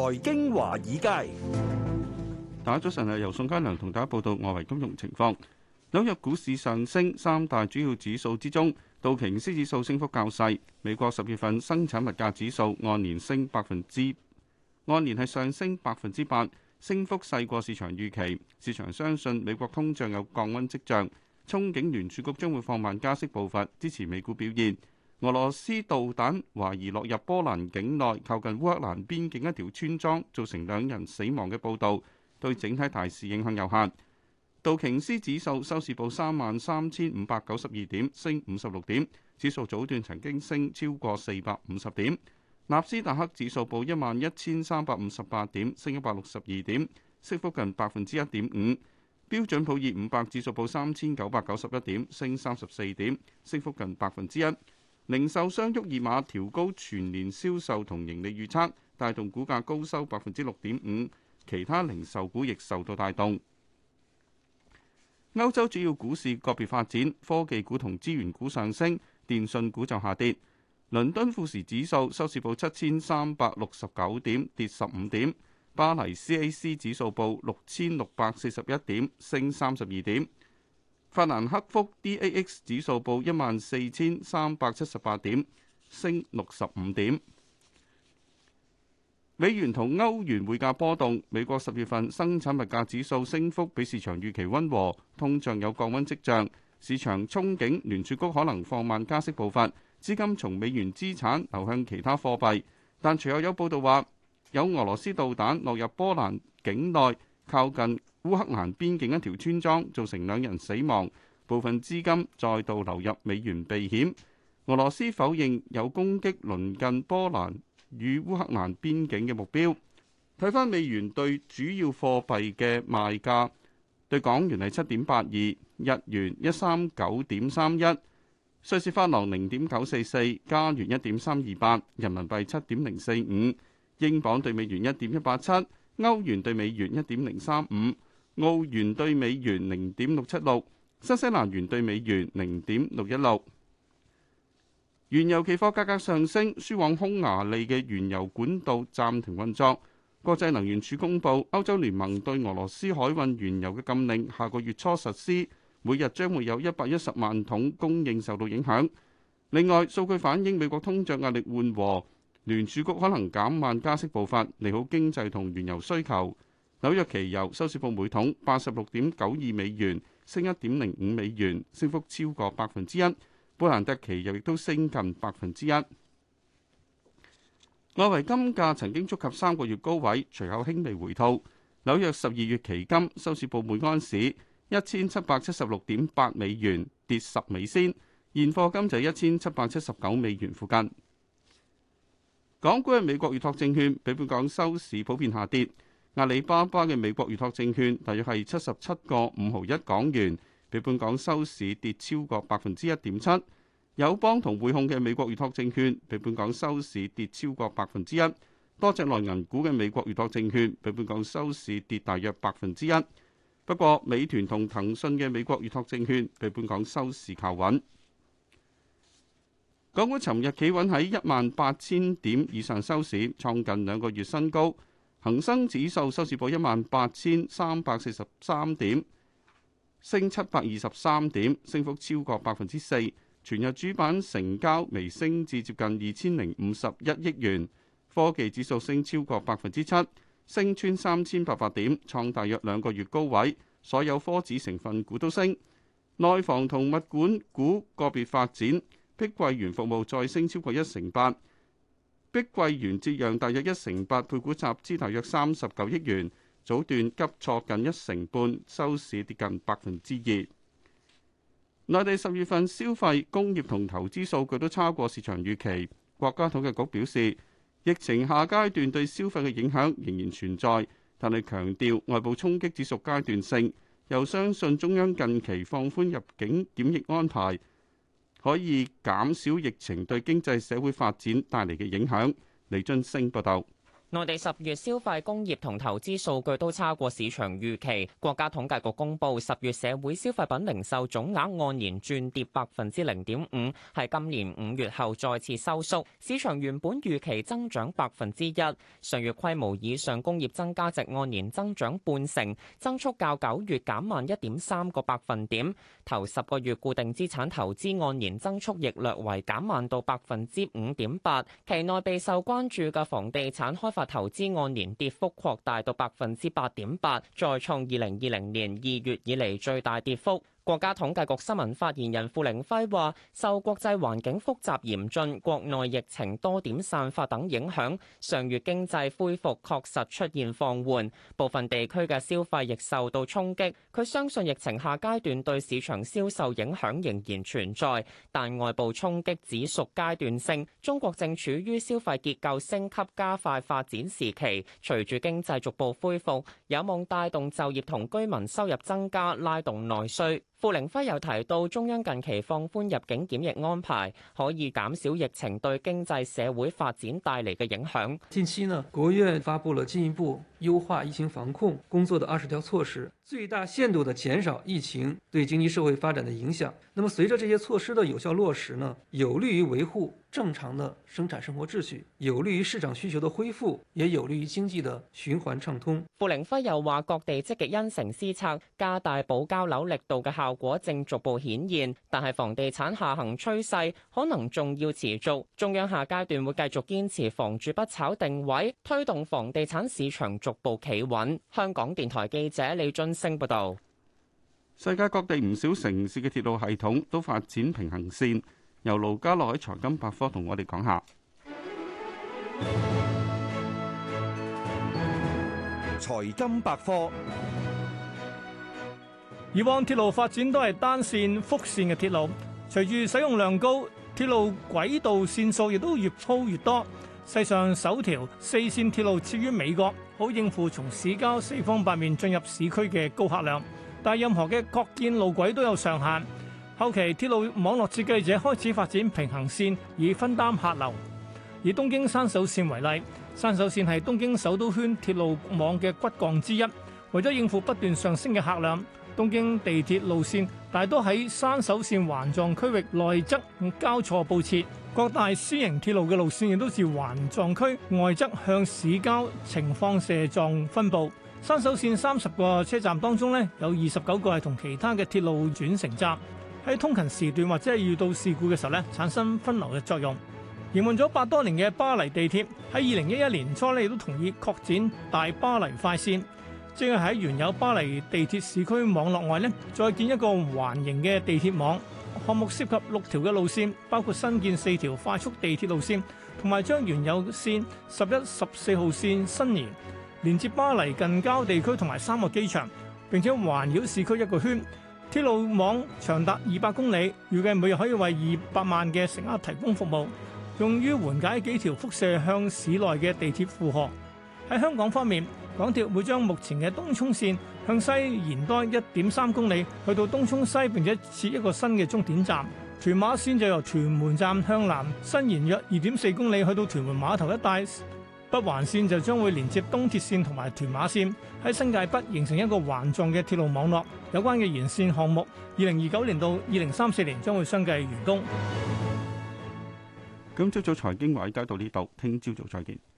財經華爾街，大家早晨，由宋嘉良同大家報道外圍金融情況。紐約股市上升，三大主要指數之中，道瓊斯指數升幅較細。美國十月份生產物價指數按年升百分之，按年係上升百分之八，升幅細過市場預期。市場相信美國通脹有降温跡象，憧憬聯儲局將會放慢加息步伐，支持美股表現。俄羅斯導彈懷疑落入波蘭境內，靠近烏克蘭邊境一條村莊，造成兩人死亡嘅報道，對整體大市影響有限。道瓊斯指數收市報三萬三千五百九十二點，升五十六點，指數早段曾經升超過四百五十點。納斯達克指數報一萬一千三百五十八點，升一百六十二點，升幅近百分之一點五。標準普爾五百指數報三千九百九十一點，升三十四點，升幅近百分之一。零售商沃爾瑪調高全年銷售同盈利預測，帶動股價高收百分之六點五。其他零售股亦受到帶動。歐洲主要股市個別發展，科技股同資源股上升，電訊股就下跌。倫敦富時指數收市報七千三百六十九點，跌十五點。巴黎 CAC 指數報六千六百四十一點，升三十二點。法蘭克福 DAX 指數報一萬四千三百七十八點，升六十五點。美元同歐元匯價波動。美國十月份生產物價指數升幅比市場預期溫和，通脹有降溫跡象。市場憧憬聯儲局可能放慢加息步伐，資金從美元資產流向其他貨幣。但隨後有報道話，有俄羅斯導彈落入波蘭境內，靠近烏克蘭邊境一條村莊，造成兩人死亡，部分資金再度流入美元避險。俄羅斯否認有攻擊鄰近波蘭與烏克蘭邊境嘅目標。睇返美元對主要貨幣嘅賣價，對港元係七點八二，日元一三九點三一，瑞士法郎零點九四四，加元一點三二八，人民幣七點零四五，英鎊對美元一點一八七，歐元對美元一點零三五。澳元兌美元零點六七六，新西蘭元兌美元零點六一六。原油期貨價格上升，輸往匈牙利嘅原油管道暫停運作。國際能源署公布，歐洲聯盟對俄羅斯海運原油嘅禁令下個月初實施，每日將會有一百一十萬桶供應受到影響。另外，數據反映美國通脹壓力緩和，聯儲局可能減慢加息步伐，利好經濟同原油需求。紐約期油收市報每桶八十六點九二美元，升一點零五美元，升幅超過百分之一。布蘭特期油亦都升近百分之一。外圍金價曾經觸及三個月高位，隨後輕微回吐。紐約十二月期金收市報每安士一千七百七十六點八美元，跌十美仙，現貨金就一千七百七十九美元附近。港股嘅美國預託證券，比本港收市普遍下跌。阿里巴巴嘅美國預託證券，大約係七十七個五毫一港元，比本港收市跌超過百分之一點七。友邦同匯控嘅美國預託證券，比本港收市跌超過百分之一。多隻內銀股嘅美國預託證券，比本港收市跌大約百分之一。不過，美團同騰訊嘅美國預託證券，比本港收市靠穩。港股尋日企穩喺一萬八千點以上收市，創近兩個月新高。恒生指數收市報一萬八千三百四十三點，升七百二十三點，升幅超過百分之四。全日主板成交微升至接近二千零五十一億元。科技指數升超過百分之七，升穿三千八百點，創大約兩個月高位。所有科指成分股都升，內房同物管股個別發展，碧桂園服務再升超過一成八。碧桂園、浙商大約一成八配股集資大約三十九億元，早段急挫近一成半，收市跌近百分之二。內地十月份消費、工業同投資數據都超過市場預期。國家統計局表示，疫情下階段對消費嘅影響仍然存在，但係強調外部衝擊只屬階段性，又相信中央近期放寬入境檢疫安排。可以減少疫情對經濟社會發展帶來嘅影響。李俊升報道。內地十月消費、工業同投資數據都差過市場預期。國家統計局公布，十月社會消費品零售總額按年轉跌百分之零點五，係今年五月後再次收縮。市場原本預期增長百分之一。上月規模以上工業增加值按年增長半成，增速較九月減慢一點三個百分點。頭十個月固定資產投資按年增速亦略為減慢到百分之五點八。期內備受關注嘅房地產開發投資按年跌幅擴大到百分之八點八，再創二零二零年二月以嚟最大跌幅。國家統計局新聞發言人付凌暉話：受國際環境複雜嚴峻、國內疫情多點散發等影響，上月經濟恢復確實出現放緩，部分地區嘅消費亦受到衝擊。佢相信疫情下階段對市場銷售影響仍然存在，但外部衝擊只屬階段性。中國正處於消費結構升級加快發展時期，隨住經濟逐步恢復，有望帶動就業同居民收入增加，拉動內需。傅凌輝又提到，中央近期放寬入境檢疫安排，可以減少疫情對經濟社會發展帶來嘅影響。近期呢，國務院發布了進一步優化疫情防控工作的二十條措施，最大限度地減少疫情對經濟社會發展的影響。那麼，隨着這些措施的有效落實呢，有利於維護。正常的生產生活秩序，有利於市場需求的恢復，也有利於經濟的循環暢通。傅凌輝又話：各地積極因城施策，加大保交樓力度嘅效果正逐步顯現，但係房地產下行趨勢可能仲要持續，中央下階段會繼續堅持房住不炒定位，推動房地產市場逐步企穩。香港電台記者李俊升報道。世界各地唔少城市嘅鐵路系統都發展平行線。由盧家樂喺財金百科同我哋講下財金百科。以往鐵路發展都係單線、複線嘅鐵路，隨住使用量高，鐵路軌道線數亦都越鋪越多。世上首條四線鐵路設於美國，好應付從市郊四方八面進入市區嘅高客量。但任何嘅擴建路軌都有上限。後期鐵路網絡設計者開始發展平行線以分擔客流，以東京山手線為例，山手線係東京首都圈鐵路網嘅骨幹之一。為咗應付不斷上升嘅客量，東京地鐵路線大多喺山手線環狀區域內側交錯布設，各大私營鐵路嘅路線亦都是環狀區外側向市郊呈放射狀分佈。山手線三十個車站當中呢，有二十九個係同其他嘅鐵路轉乘站。喺通勤時段或者係遇到事故嘅時候咧，產生分流嘅作用。營運咗百多年嘅巴黎地鐵喺二零一一年初咧，亦都同意擴展大巴黎快線，即係喺原有巴黎地鐵市區網絡外呢，再建一個環形嘅地鐵網。項目涉及六條嘅路線，包括新建四條快速地鐵路線，同埋將原有線十一、十四號線伸延，連接巴黎近郊地區同埋三個機場，並且環繞市區一個圈。鐵路網長達二百公里，預計每日可以為二百萬嘅乘客提供服務，用於緩解幾條輻射向市內嘅地鐵負荷。喺香港方面，港鐵會將目前嘅東涌線向西延多一點三公里，去到東涌西，並且設一個新嘅終點站。屯馬線就由屯門站向南伸延約二點四公里，去到屯門碼頭一帶。北環線就將會連接東鐵線同埋屯馬線，喺新界北形成一個環狀嘅鐵路網絡。有關嘅延線項目，二零二九年到二零三四年將會相繼完工。今朝早財經話題到呢度，聽朝早再見。